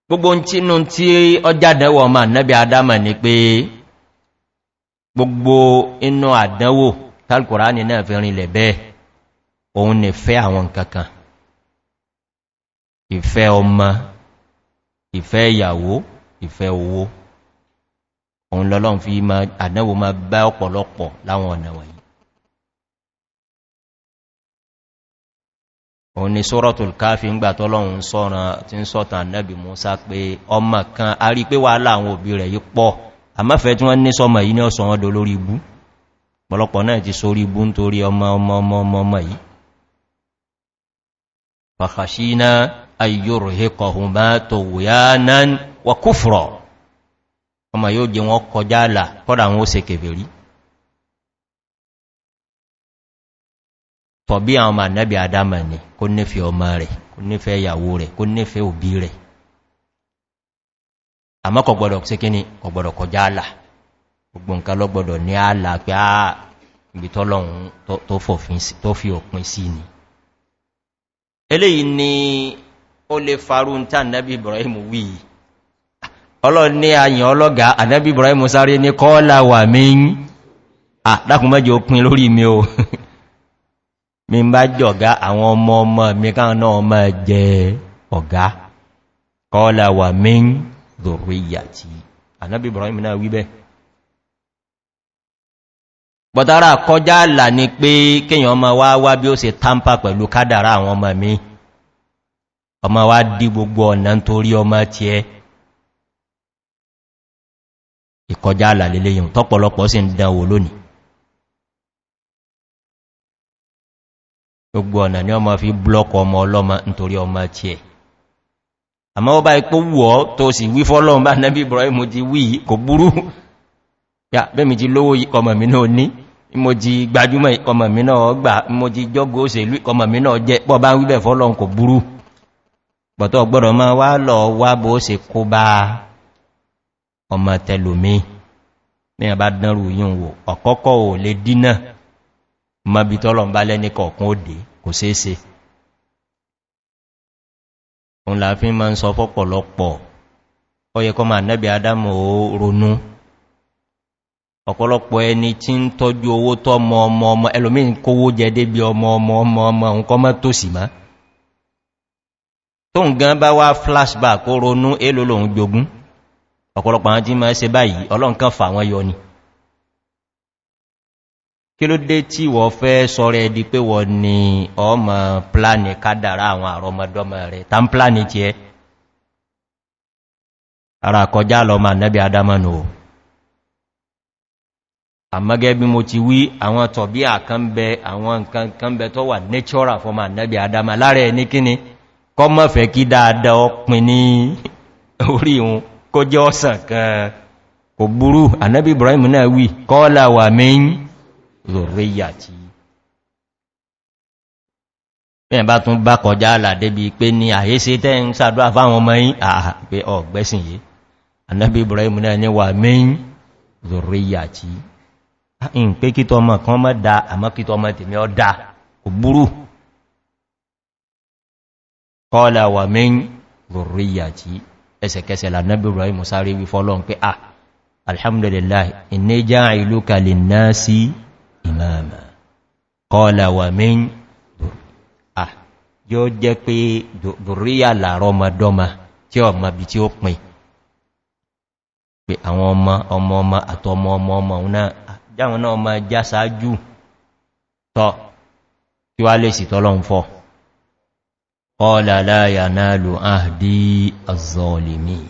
gbogbo tínú tí ọjá dẹwọ ọmọ annabi adama ni pé gbogbo inú àdánwò tàlkùránì náà fi rinlẹ̀ bẹ́ẹ̀ òun ni fẹ́ àwọn kankan ìfẹ́ ọmọ ìfẹ́ ìyàwó ìfẹ́ owó òun lọ́lọ́run fi àdánwò máa bá ọ̀pọ̀lọpọ̀ láwọn ọ̀nà wọ̀nyí òun ni sórọ̀tù káfí ń gbà tọ́lọ́run sọ́ràn tí ń sọ́tà nẹ́bì musa pé ọmọ kan a rí pé wà láwọn òbí rẹ̀ yí pọ̀ àmáfẹ́ tí wọ́n ní sọmọ yìí ní ọ̀sán lórí ibú pọ̀lọpọ̀ náà ti sórí ibú nítorí ọmọ ọmọ ọmọ ọmọ yìí ọmọ yóò jẹ wọn kọjá àlà kọ́dà wọn ó se tọ̀bí àwọn ọmọ ànẹ́bì àdámà ní kó nífẹ́ ọmọ rẹ̀ kó nífẹ́ ìyàwó rẹ̀ kó nífẹ́ òbí rẹ̀ àmọ́ sí ni kọjá àlà gbogbo nǹkan ibi tó fi òpin ni eléyìí ni ó ọlọ́run ní ayàn ọlọ́gá ànábí ibrahim sáré ní kọ́ọ́lá wà mín àdákùn mẹ́jọ òpin lórí mi o mi bá jọ̀gá àwọn ọmọ ọmọ mi káwọn náà ọmọ jẹ ọ̀gá kọ́ọ́lá wà mín lóríyàtí ànábí ọmọ wá wá tampa pẹ̀lú kádàrá àwọn ọmọ mi ọmọ wá dí gbogbo ọ̀nà nítorí ọmọ tí ẹ kọjá àlàlélẹ́yìn tọ́pọ̀lọpọ̀ sí ń dánwò lónìí gbogbo ọ̀nà ni ọmọ fi blọ́kọ̀ ọmọ ọlọ́mọ nítorí ọmọ tí ẹ̀ àmọ́ ọba ipò wọ́ tó sì wí fọ́lọ́run bá nẹ́bí ibrahim kò búrú. ya bẹ́mi ọmọ ọmọ tẹlòmí ní àbá dánrù yíò wò ọ̀kọ́kọ́ ò lè dínà mọ́bí tọ́lọ̀ ń bá lẹ́ní kọ̀ọ̀kún òdè kò séése òun láàfin ma ń sọ fọ́pọ̀lọpọ̀ ọyẹ kọ́ ma nẹ́bí adámọ̀ ó ronú ọ̀pọ̀lọpọ̀ ẹni tí ń tọ́jú owó tọ́ mọ ọmọ ọmọ ẹlòmí kówó jẹ débi mọ́ flashback ó ronú èlò lòun ọ̀pọ̀lọpọ̀ àwọn tí ma ṣe báyìí ọlọ́nkan fà wọn yọ ni kí ló dé tí wọ́n fẹ́ sọ́rọ̀ ẹ̀dí pé wọ́n ni ọmọ pláni kádàrá àwọn àrọmọdọ́mọ rẹ̀ ta ń pláni tí ẹ ara kọjá lọ́mọ ànẹ́bí adámanu o àmọ́gẹ́ bí mo ti wí àwọn tọ̀bí àkánbẹ àwọn nǹkan tó wà nẹ́tíọ́rà fọmọ ànẹ́bí adáma láàrẹ ní kíni kọ́mọ̀fẹ́ kí dáadáa ọpin ní orí wọn kó jẹ́ ọ̀sán kan kò burú ànábì ibrahim náà wí kọ́lá wà mẹ́yìn lòríyà tí mẹ́rin bá tún bá kọjá àlàdé bí pé ní àyíṣẹ́ tẹ́ ń sàdúrà fáwọn ọmọ yìí ọ̀gbẹ́sìn yìí ànábì ibrahim náà ní wà mẹ́yìn lòríyà tí in pé kítọ ọmọ kan mọ́ da àmọ́ kítọ ọmọ tèmi ọ da kò burú kọ́lá wà mẹ́yìn lòríyà tí ẹsẹ̀kẹsẹ̀ lànàbí ibrahim sáré wí fọ́lọ́n pé ah alhamdulillah iné já ìlú kalin náà sí imama kọ́lá wà mín ah yóò jẹ́ pé dùríyà làrọ ọmọdọ́mà tí ọmọ bí tí ó pin pé àwọn ọmọ ọmọ ọmọ àtọmọ ọmọ ọmọ náà ah, jáwọn náà ọmọ já sáájú tọ́ tí wá lè sì tọ́lọ́ قال لا ينال عهدي الظالمين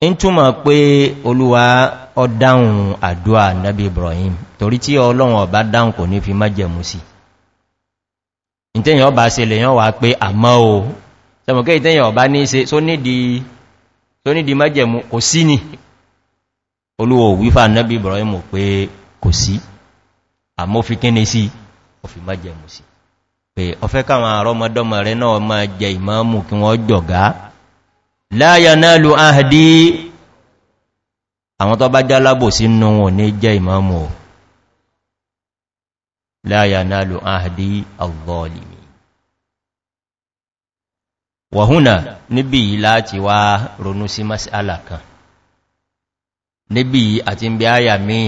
in túnmọ̀ pé olúwa ọdáhùn àdúwà nabi ibrahim torí tí ọlọ́run ọba dáhùn kò ní fi má jẹmú sí ìtẹ́yìn ọba se lè yán wà pé àmọ́ o sẹmọ̀kẹ́ ìtẹ́yìn ọba ní ṣe tó nídi má jẹmú kò sí ni olúwa òwífà nabi ibrahim pé kò sí àmọ́ fi kíní sí ò fi má jẹmú sí pé ọ̀fẹ́ káwọn àrọmọdọ́mọ rẹ̀ náà máa jẹ ìmọ́mù kí wọ́n jọ̀gá láyà náà lò áhàdí àwọn tó bá já lábò sínú wọn ní jẹ́ ìmọ́mù láyà náà lò áhàdí alvọ́ọ̀lìmì wàhúnà níbi yìí láti wá ronú sí masala níbi yìí àti bí áyà míì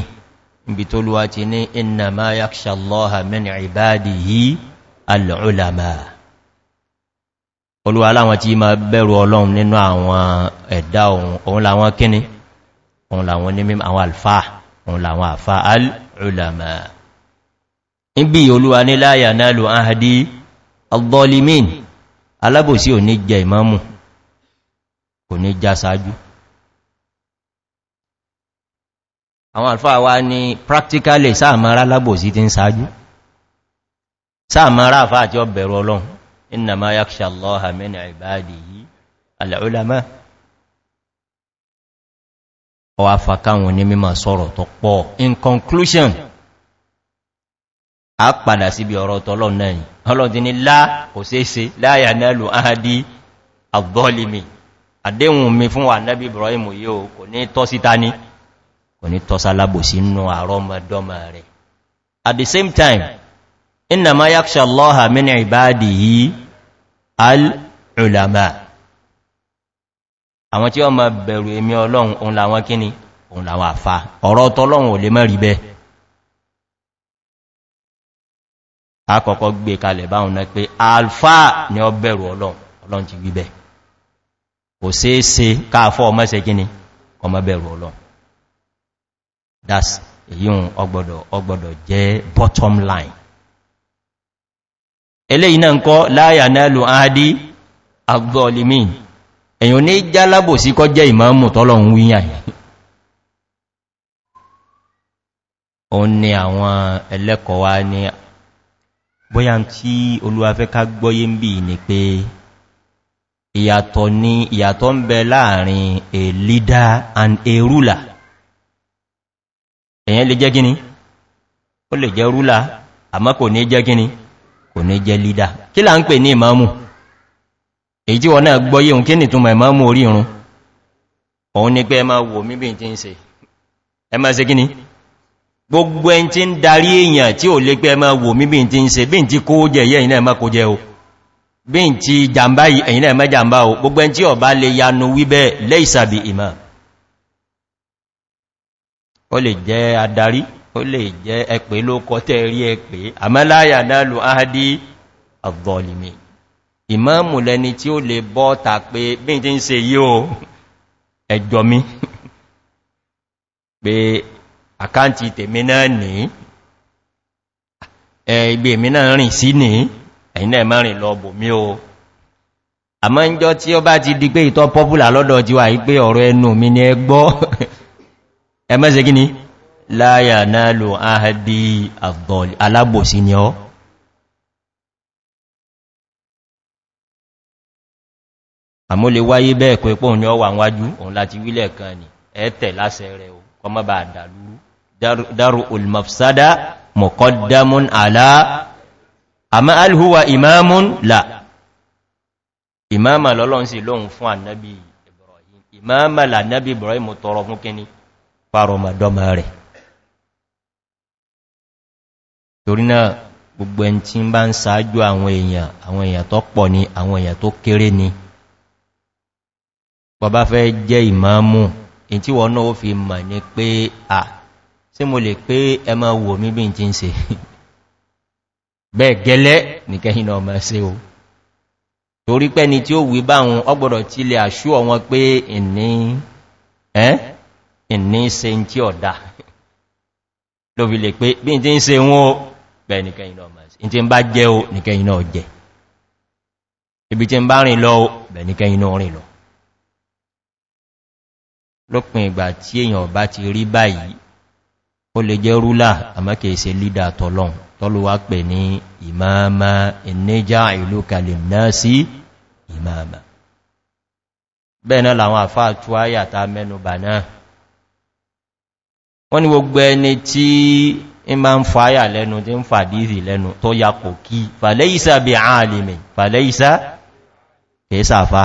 ibi tó lúwa ti ní inna ma yakṣallọ́ha mẹ́ni ìbáàdì yìí al'ulama olúwa láwọn tí ma bẹ̀rù ọlọ́run nínú àwọn ẹ̀dá òun láwọn kíni òun láwọn ní mímọ̀ àwọn alfa òun láwọn àfa al'ulama níbi olúwa ní láyà náà lò án hadi al-dolimin alábòsí ò ní jẹ ìmọ́mù kò ní já sáájú àwọn alfa wa ni practically sáàmọ́ra alábòsí ti ń sáájú sáàmọ́ra àfáà tí ó bẹ̀rù ọlọ́run iná ma yá ṣe allọ́ha mẹ́nà ìbáàdì yìí al'ulama ọwà fàkáwọn ní mímọ̀ sọ́rọ̀ tó pọ̀ in conclusion a padà síbi ọ̀rọ̀ tọ́lọ́ náà ọlọ́dí ni lá kò sése láyà náà lò áhàdí àbọ́lìmì àdéhùn mi fún ànábì ibrahim yóò kò at the same time inna ma yaksha allaha min ibadihi al al’ulama àwọn tí ó ma bẹ̀rù èmì ọlọ́run òun làwọn kíni òun làwọn àfà ọ̀rọ̀ tọ́lọ́run ò lè mọ́ rí gbé kalẹ̀ báhùn náà pé alfa ni ọ bẹ̀rù ọlọ́run ọlọ́run ti gbí bẹ́ kò eléyìn náà kọ́ láyà náà lò áádí àgbọ̀lìmí èyàn ní jálàbò sí kọ́ jẹ́ ìmọ̀mù tọ́lọ̀un wíyàn o ní àwọn ẹlẹ́kọ̀ọ́ wá ní bóyá tí olúwafẹ́ ká gbọ́yé ń bí ní pé ìyàtọ̀ ń bẹ láàrin a leader and a ruler èyàn lè jẹ́ gíní ó lè jẹ́ ruler àmọ́ kò ní jẹ́ gíní kò ní jẹ́ lídà kí là ń pè ní ìmáàmù èyí tí wọ́n náà gbọ́yé òun kí ní túnmọ̀ ìmáàmù orí irun òun ni pé ẹ máa wò míbí tí ń se ẹ máa se gíní gbogbo ẹn tí ń darí èèyàn tí ò lé pé ẹ máa wò míbí tí ń se bí n ti kó jẹ yẹ o bí n ti jàmbá ẹ̀yìn náà má jàmbá ó lè jẹ́ ẹ̀pẹ́ ló ko tẹ́ rí ẹ̀pẹ́ àmẹ́láyà náà lò áhádí àvọ̀lìmì ìmọ́mù lẹni tí ó lè bọ́ ta pé bí i ti ń se yíò ẹjọ́ mi pé àkáǹtì tèmi náà ní ẹgbẹ́ mi náà rìn sí ní ẹ̀yìn náà mẹ́rin lọ bò mí o àmọ́ ń jọ tí ó bá ti di pé ìtọ́ pọ́pùlà lọ́dọ̀ jíwà yí pé ọ̀rọ̀ ẹnu mi ni ẹgbọ́ ẹmẹ́sẹ̀ gíní láyà náà lò áhàdí àbọ̀lì alábòsí ni ọ́ àmúlé wáyé bẹ́ẹ̀ pé pọ́ ní ọwà wájú òun láti wílẹ̀ kan ni ẹ̀ẹ́tẹ̀ lásẹ̀ rẹ̀ o kọmọ bá dàlúrú dárò olmọ̀fsádá mọ̀kọ́dámún àlá àmá alhuwa imamun la imama lọ́lọ́n sí lóhun fún annabi ibrahim imama la annabi ibrahim tọrọ fún kíní parọmọdọ́mọ rẹ̀ torí náà gbogbo ẹn bá ń sáájú àwọn èèyàn àwọn èèyàn tó pọ̀ ní àwọn èèyàn tó kéré ni bọ̀bá fẹ́ jẹ́ ìmáàmù in tí wọ́n fi mọ̀ ní pé à sí mo lè pé ẹ máa wò mí bí n ti ń se bẹ́ẹ̀ gẹ́lẹ́ náà o torí pẹ́ ni tí lóbi lè pé bí n ti ń se bẹ́ẹ̀ nìkẹyìn náà máa sí in tí ń bá jẹ́ o nìkẹyìn náà jẹ́ ibi tí ń bá rìn lọ bẹ̀ nìkẹyìn náà rìn lọ lópin ìgbà tí èyàn bá ti rí báyìí ó lè jẹ́ rúlà àmákèèsè lídà tọ́lọ́n tọ́lúwà pè ní ìmáàmá ìnẹ́já ìlú kalẹ̀ náà sí ìmáàmá bẹ́ẹ̀ náà làwọn àfáà tó áyà mẹ́nubà náà in ba n fàyà lẹ́nu tí ń fàdíìsì lẹ́nu tó ya kò kí fàlẹ́ìsà bí ààlìmì fàlẹ́ìsà kẹsàfà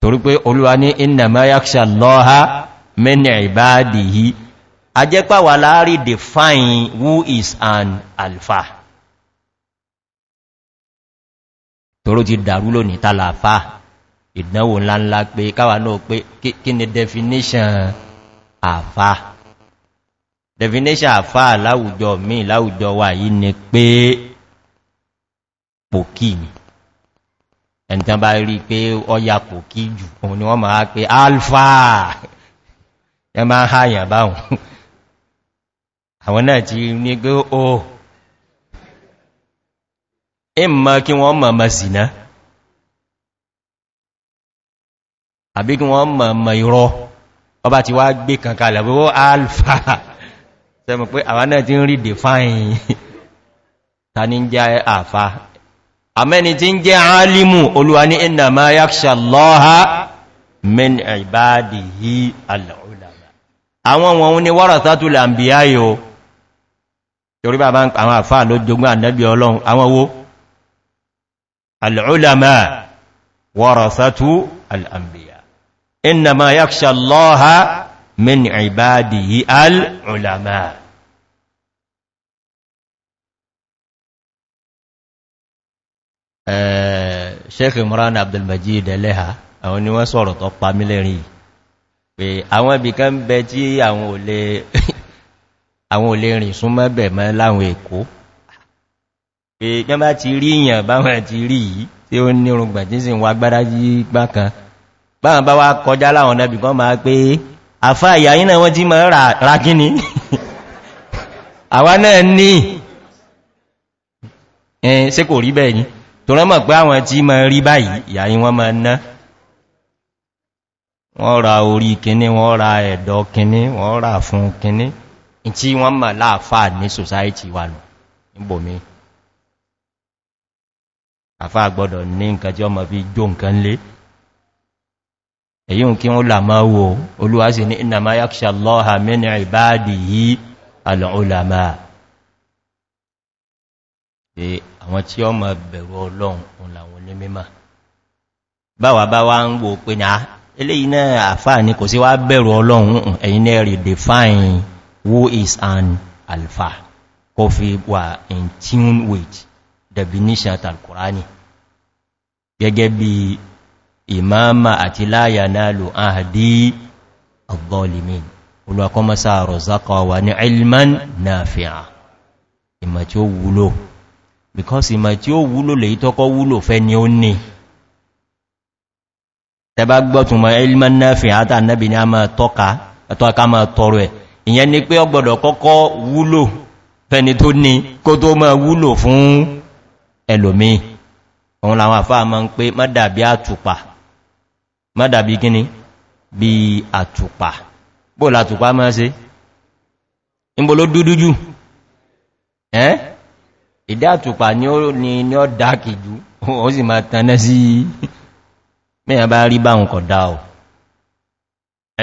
torí pé olúwa ní iná mayakṣà lọ́ha mẹ́nà ìbáàdìí a jẹ́ pàwà láàrí define who is an alpha toró ti dàrú lónìí tàlàfà ìdánwò ńláńlá pé káwà náà pé kí ni definition àfáà definition àfá láwùjọ mi láwùjọ wà yìí ni pé pòkí ni ẹ̀ntàn bá rí pé ọya pòkí jù òun ni wọ́n máa pé alfa ẹ máa hàyàn báhùn àwọn náà ti ní pé o ìmọ̀ kí wọ́n mọ̀ mọ̀ sí náà àbí kí wọ́n mọ̀ mọ̀ ìrọ ọba ti wá gbé kankalẹ̀ wọ́n alfa sẹ́mọ̀ pé àwọn náà ti ń rí define ta ní jẹ́ àfá àmẹ́ni tí ń jẹ́ alimu olúwa ní iná ma yàkṣà lọ́ha min ìbáàdì yí al'ulama àwọn wọn ni wọ́rọ̀ sátú làmbíyá yóò torí bàbá àwọn min ibadihi al-ulama eh, sheikh imran abdulmajid eleha àwọn ni wọ́n sọ̀rọ̀ tó pa mílẹ̀rin pé àwọn ibìkan bẹ tí àwọn ò lè rìn súnmọ́ bẹ̀ mọ́ láwọn èkó pé jẹ́ bá ti rí ìyàn báwọn ti rí yìí tí ó nírùngbà tí sì ń wá gbádájí gbákan báwọn bá wá kọjá láwọn nẹ́bì kan máa pé àfá ìyàyí náà wọ́n jí mọ́ ra gíní àwa náà ní ẹn sí kò rí bẹ́ẹ̀ yìí tó rán mọ̀ pé àwọn tí mọ́ rí báyìí ìyàyí wọ́n mọ́ ná wọ́n ra orí kíní wọ́n ra ẹ̀dọ̀ kíní wọ́n ra fún kíní tí wọ́n mọ̀ láàfà èyí ń kí wọ́n là máa wo olúwa sí ní ìnàmá yàkṣà lọ́ha mẹ́ni ìbáàdì yí alọ́ọ̀lámà pé àwọn tí ó mọ̀ bẹ̀rù ọlọ́run làwọn ní mímọ̀ báwà bá wá ń wo pé náà eléyìn náà àfáà ní kò sí wá bẹ̀rù ọlọ́run ìmáàmà àti láyà náà lò áhàdí ọ̀bọ̀lìmí olùwàkọ́mọ́sá rọ̀zákọ̀ wà ní ilman náà fíà ìmà tí ó wúlò because ìmà tí ó wúlò lè tọ́kọ́ wúlò fẹ́ ni ó ní tẹbá gbọ́tún mọ̀ ilman náà fíà àtà náàbì ní a máa tọrọ ẹ̀ ìyẹn ni pé ọgbọ̀dọ̀ kọ́kọ́ wúlò fẹ́ni tó ní máa ń pé mọ́dàbí àtùpà Ma dàbí gíní bí àtùpà bó látùpá máa ṣe níbo ló dúdú jù ẹ́ ìdá àtùpà ni ó ní ní ọ dákì jù ó sì máa tanná sí mẹ́yàn bá rí báhùn kọ̀ dá ọ̀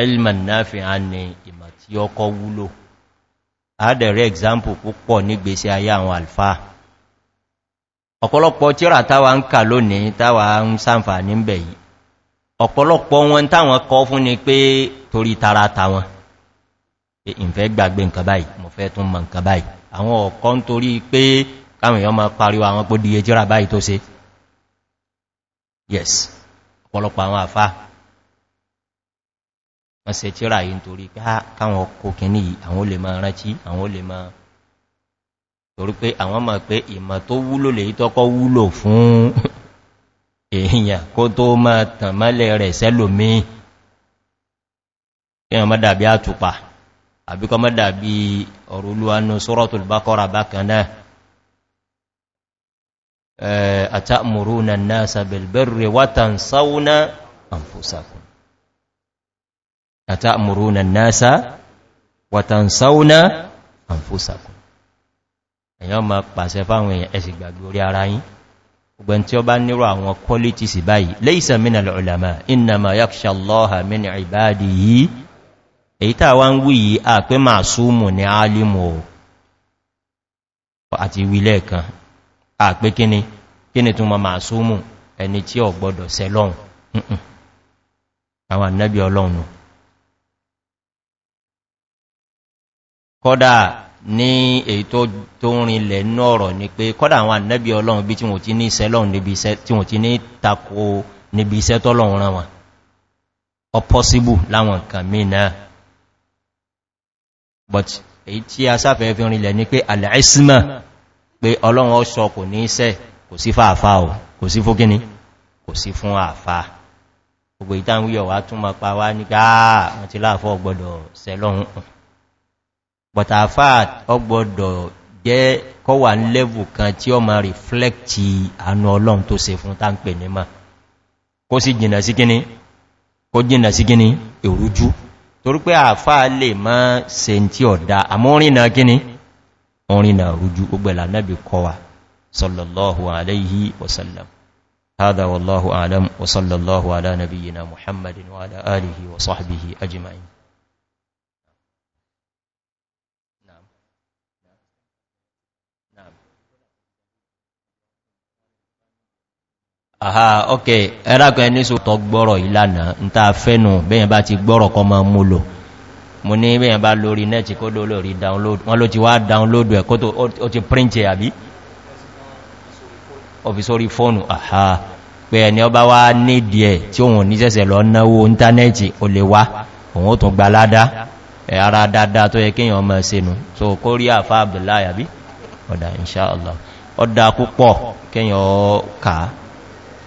elman náàfi a ní ìmọ̀ tí ọkọ̀ wúlò àádẹ̀rẹ́ example púpọ̀ nígbèsí ayé àwọn alfáà ọ̀pọ̀lọpọ̀ tíra táwa ń kà lónìí táwa ń sáǹfà ní bẹ̀yìí ọ̀pọ̀lọpọ̀ wọn táwọn kọ fún ni pé torí tara tàwọn ìfẹ́ gbàgbé nǹkan báyìí mo fẹ́ tún mọ̀ nǹkan báyìí àwọn ọ̀kọ́ ń torí pé káwọn èèyàn ma pariwa àwọn pò díye jíra báyìí tó se yes ọ̀pọ̀lọpọ̀ àwọn àfá wọ́n se tíra yìí nítorí ah, káwọn ọkọ̀ kìíní yìí àwọn olè máa rántí àwọn olè máa torí pé àwọn mọ̀ pé ìmọ̀ tó wúlò lè tọ́kọ́ wúlò fún èèyàn kó tó máa tàn mọ́lẹ̀ rẹ̀ sẹ́lòmí kíyàn má dàbí àtùpà àbíkọ má dàbí ọ̀rọ̀ olúwánú sọ́rọ̀tùl bá kọ́ra bákan náà àtàmùrú na náà sàbẹ̀lbẹ̀rẹ̀ wátàn sáúná àǹfòsàkùn èyàn ma pàṣẹ fáwọn èyàn ẹ̀sì orí ara yìí ọgbẹ̀n tí ó bá nírò àwọn qualities báyìí lẹ́ìsàn mínà lọ́ọ̀lọ́mà inama yaksha allaha min ibadi yìí èyí tàà wá ń wí yìí a pé máa súnmù ní alimu àti wílẹ̀ kan a pé kíni kíni tún máa súnmù ẹni tí ọ gbọdọ̀ sẹlọ́un àwọn ní èyí tó rinlẹ̀ nọ́ọ̀rọ̀ ni pé kọ́dà àwọn annabi ọlọ́run bí tí wọ́n ti ní ìṣẹ́lọ́run níbi iṣẹ́ tí wọ́n ti ní tako níbi iṣẹ́ tọ́lọ́run rán wọn ọpọ́síbù láwọn nǹkan mí náà but èyí tí a sáfẹ́ fi rinlẹ̀ ni pé alẹ́sìmọ̀ pé ọlọ́run ọ̀ṣọ́ kò ní iṣẹ́ kò sí fún àfá o kò sí fún kíní kò but àfá ọgbọ̀dọ̀ jẹ́ kọ́ wà ní lẹ́bù kan tí ó ma rìflẹ́kì àánú ọlọ́run tó se fún táńpẹ̀ ní ma kó sì jìnà sí kíní kó jìnà sí kíní èrújú torí pé àfá lè má se tí ọ̀dá àmúrìnà kíní ọ̀rìnà rújú gbẹ̀lá náàbì kọwà sallallahu alaihi wasallam هذا والله أعلم وصلى الله على نبينا محمد وعلى آله وصحبه أجمعين aha ok ẹ̀rákan ẹni so tọ gbọ́rọ̀ ìlànà ń ta fẹ́nu ti gbọ́rọ̀ kọma ma mú lò mú ní bẹ́yẹn bá lórí nẹ́ẹ̀tì kó ló lórí download wọ́n ló ti wá download ẹ̀ kó tó ó ti print ẹ̀ àbí ọ̀fisórí fóònù àhá pé ẹni ọba wá nídi ẹ̀ tí òun ní sẹ́sẹ̀ lọ náwó íntánẹ́ẹ̀tì ó lè wá òun ó tún ara dáadáa tó yẹ so kó rí abdullahi àbí ọ̀dà inṣáàlá ọ̀dà púpọ̀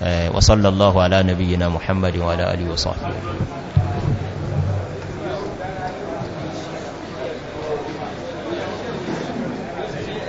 آه، وصلى الله على نبينا محمد وعلى آله وصحبه